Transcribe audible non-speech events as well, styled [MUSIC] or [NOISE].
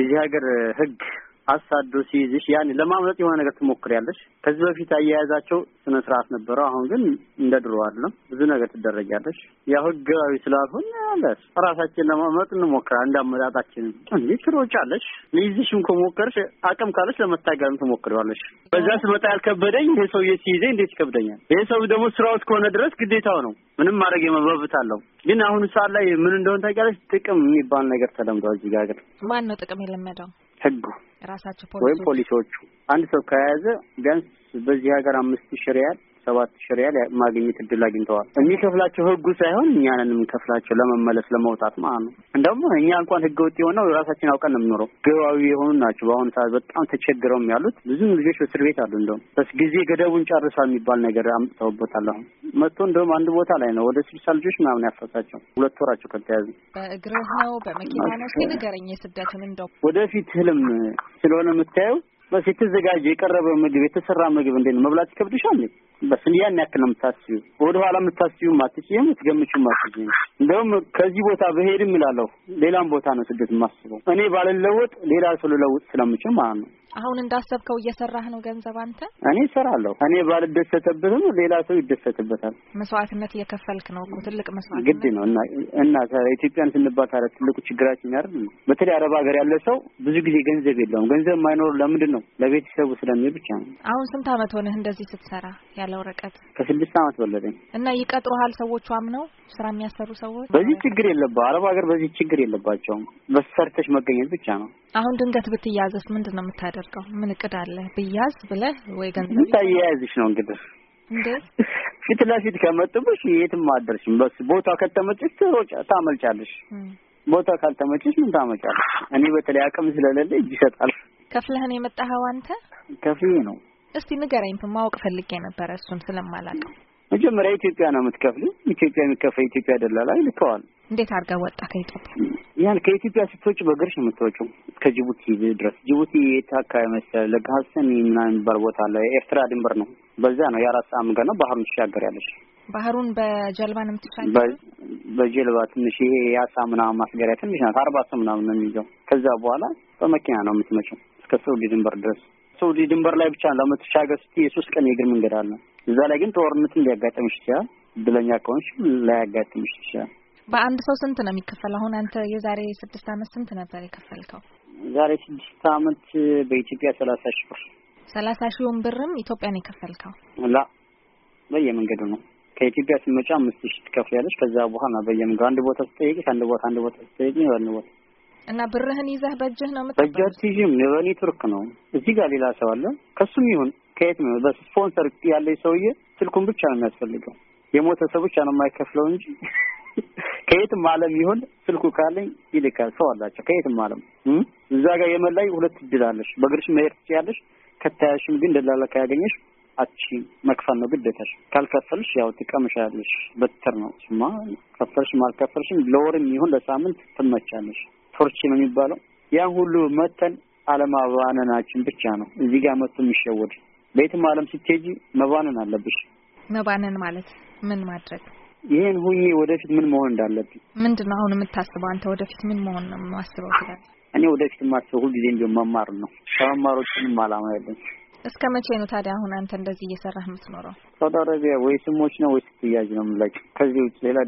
የዚህ ሀገር ህግ አሳዶ ሲይዝሽ ያን ለማምለጥ የሆነ ነገር ትሞክሪያለሽ። ከዚህ በፊት አያያዛቸው ስነ ስርዓት ነበረው። አሁን ግን እንደ ድሮ አይደለም። ብዙ ነገር ትደረጊያለሽ። ያው ህጋዊ ስላልሆን ያለ ራሳችን ለማምለጥ እንሞክራ እንዳመጣጣችን እንዲህ ትሮጫለሽ። ሊይዝሽም ከሞከርሽ አቅም ካለሽ ለመታገልም ትሞክሪዋለሽ። በዛ ስመጣ ያልከበደኝ ይሄ ሰውዬ ሲይዘኝ እንዴት ይከብደኛል? ይሄ ሰው ደግሞ ስራው እስከሆነ ድረስ ግዴታው ነው። ምንም ማድረግ የመበብት አለው። ግን አሁን ሰዓት ላይ ምን እንደሆነ ታውቂያለሽ? ጥቅም የሚባል ነገር ተለምዷል። እዚህ ጋር ግን ማን ነው ጥቅም የለመደው? ህጉ ወይም ፖሊሶቹ አንድ ሰው ከያዘ ቢያንስ በዚህ ሀገር አምስት ሺ ሪያል ሰባት ሺ ሪያል ማግኘት እድል አግኝተዋል። የሚከፍላቸው ህጉ ሳይሆን እኛንን የምንከፍላቸው ለመመለስ ለመውጣት ማለት ነው። እንደውም እኛ እንኳን ህገ ወጥ የሆነው ራሳችን አውቀን ነው የምኖረው። ገባዊ የሆኑ ናቸው። በአሁኑ ሰዓት በጣም ተቸግረውም ያሉት ብዙም ልጆች በእስር ቤት አሉ። እንደውም በስ ጊዜ ገደቡን ጨርሷል የሚባል ነገር አምጥተውበታል። አሁን መጥቶ እንደውም አንድ ቦታ ላይ ነው ወደ ስልሳ ልጆች ምናምን ያፈሳቸው ሁለት ወራቸው ከተያዙ። በእግርህ ነው በመኪና ነው? ንገረኝ ስደትን እንደው ወደፊት ህልም ስለሆነ የምታየው በስ የተዘጋጀ የቀረበ ምግብ የተሰራ ምግብ እንዴ ነው መብላት ይከብድሻል? በስ ያን ያክል ነው የምታስቢው። ወደኋላ ኋላ የምታስቢው አትችይም፣ ትገምቺው አትችይም። እንደውም ከዚህ ቦታ በሄድም እላለሁ ሌላም ቦታ ነው ስደት የማስበው እኔ ባልለውጥ ሌላ ሰው ልለውጥ ስለምችል ማለት ነው። አሁን እንዳሰብከው እየሰራህ ነው ገንዘብ አንተ እኔ እሰራለሁ። እኔ ባልደሰተበትም ሌላ ሰው ይደሰትበታል። መስዋዕትነት እየከፈልክ ነው እኮ ትልቅ መስዋዕት ግድ ነው እና እና ኢትዮጵያን ስንባት ታዲያ ትልቁ ችግራችን ያር በተለይ አረብ ሀገር ያለ ሰው ብዙ ጊዜ ገንዘብ የለውም። ገንዘብ የማይኖሩ ለምንድን ነው ለቤተሰቡ ስለሚል ብቻ ነው። አሁን ስንት አመት ሆነህ እንደዚህ ስትሰራ ያለ ወረቀት? ከስድስት አመት በለጠኝ እና ይቀጥሩሃል ሰዎቹ አምነው ስራ የሚያሰሩ ሰው ሰዎች በዚህ ችግር የለባ አረብ ሀገር በዚህ ችግር የለባቸውም። በሰርተሽ መገኘት ብቻ ነው። አሁን ድንገት ብትያዘስ ምንድን ነው የምታደርገው? ምን እቅድ አለ? ብያዝ ብለህ ወይ ገንዘብ ምታያያዝሽ ነው እንግዲህ እንዴ ፊት ለፊት ከመጡብሽ የትም አደርሽም። በስ ቦታ ከተመችሽ ትሮጫ ታመልጫለሽ። ቦታ ካልተመችሽ ምን ታመጫለሽ? እኔ በተለይ አቅም ስለሌለ እጅ ይሰጣል። ከፍለህን የመጣኸው አንተ? ከፍዬ ነው። እስቲ ንገረኝ፣ ማወቅ ፈልጌ ነበረ እሱን ስለማላውቀው መጀመሪያ ኢትዮጵያ ነው የምትከፍል። ኢትዮጵያ የሚከፈ ኢትዮጵያ ደላላ ልከዋል። እንዴት አድርጋ ወጣ ከኢትዮጵያ? ያን ከኢትዮጵያ ስትወጪ በእግርሽ ነው የምትወጪው እስከ ጅቡቲ ድረስ። ጅቡቲ የት አካባቢ መሰለህ? ለጋሀሰን ምናምን የሚባል ቦታ አለ። የኤርትራ ድንበር ነው። በዛ ነው የአራት ሰዓት መንገድ ነው። ባህሩን ትሻገር ያለሽ ባህሩን በጀልባ ነው የምትሻገር። በጀልባ ትንሽ ይሄ የአሳ ምናምን ማስገሪያ ትንሽ ናት። አርባ ሰው ምናምን ነው የሚይዘው። ከዛ በኋላ በመኪና ነው የምትመጪው እስከ ሰዑዲ ድንበር ድረስ ሳውዲ ድንበር ላይ ብቻ ለመተሻገር ስትይ የሶስት ቀን የእግር መንገድ አለ። እዛ ላይ ግን ጦርነትን ሊያጋጥምሽ ይችላል። እድለኛ ከሆንሽ ላያጋጥምሽ ይችላል። በአንድ ሰው ስንት ነው የሚከፈል? አሁን አንተ የዛሬ ስድስት አመት ስንት ነበር የከፈልከው? ዛሬ ስድስት አመት በኢትዮጵያ ሰላሳ ሺ ብር ሰላሳ ሺውን ብርም ኢትዮጵያ ነው የከፈልከው? ላ በየመንገዱ ነው ከኢትዮጵያ ስትመጪ አምስት ሺህ ትከፍያለሽ። ከዛ በኋላ በየመንገዱ አንድ ቦታ ስትጠይቂ ከአንድ ቦታ አንድ ቦታ ስትጠይቂ በአንድ ቦታ እና ብርህን ይዘህ በእጅህ ነው የምት በእጅ አትይዥም። በእኔ ቱርክ ነው። እዚህ ጋር ሌላ ሰው አለ። ከሱም ይሁን ከየት ነው በስፖንሰር ያለኝ ሰውዬ ስልኩን ብቻ ነው የሚያስፈልገው። የሞተ ሰው ብቻ ነው የማይከፍለው እንጂ [LAUGHS] ከየትም ዓለም ይሁን ስልኩ ካለኝ ይልካል። ሰው አላቸው ከየትም ዓለም እዛ ጋር የመላይ ሁለት እድል አለሽ። በእግርሽ መሄድ ትችያለሽ። ከታያሽም ግን ደላላ ካያገኘሽ አቺ መክፈል ነው ግዴታሽ። ካልከፈልሽ ያው ትቀምሻለሽ። በትር ነው ስማ። ከፈልሽም አልከፈልሽም ለወርም ይሁን ለሳምንት ትመቻለሽ። ቶርች ነው የሚባለው ያን ሁሉ መተን አለማባነናችን ብቻ ነው እዚህ ጋር መጥቶ የሚሸወድ በየትም አለም ስትሄጂ መባነን አለብሽ። መባነን ማለት ምን ማድረግ ይህን ሁኜ ወደፊት ምን መሆን እንዳለብኝ ምንድን ነው አሁን የምታስበው አንተ? ወደፊት ምን መሆን ነው የማስበው ትላለህ? እኔ ወደፊት የማስበው ሁልጊዜ እንዲሁ መማር ነው። ከመማሮችንም አላማ ያለኝ እስከ መቼ ነው ታዲያ? አሁን አንተ እንደዚህ እየሰራህ የምትኖረው ሳውዲ አረቢያ ወይ ስሞች ነው ወይ ስትያጅ ነው የምንላቸው። ከዚህ ውጭ ሌላ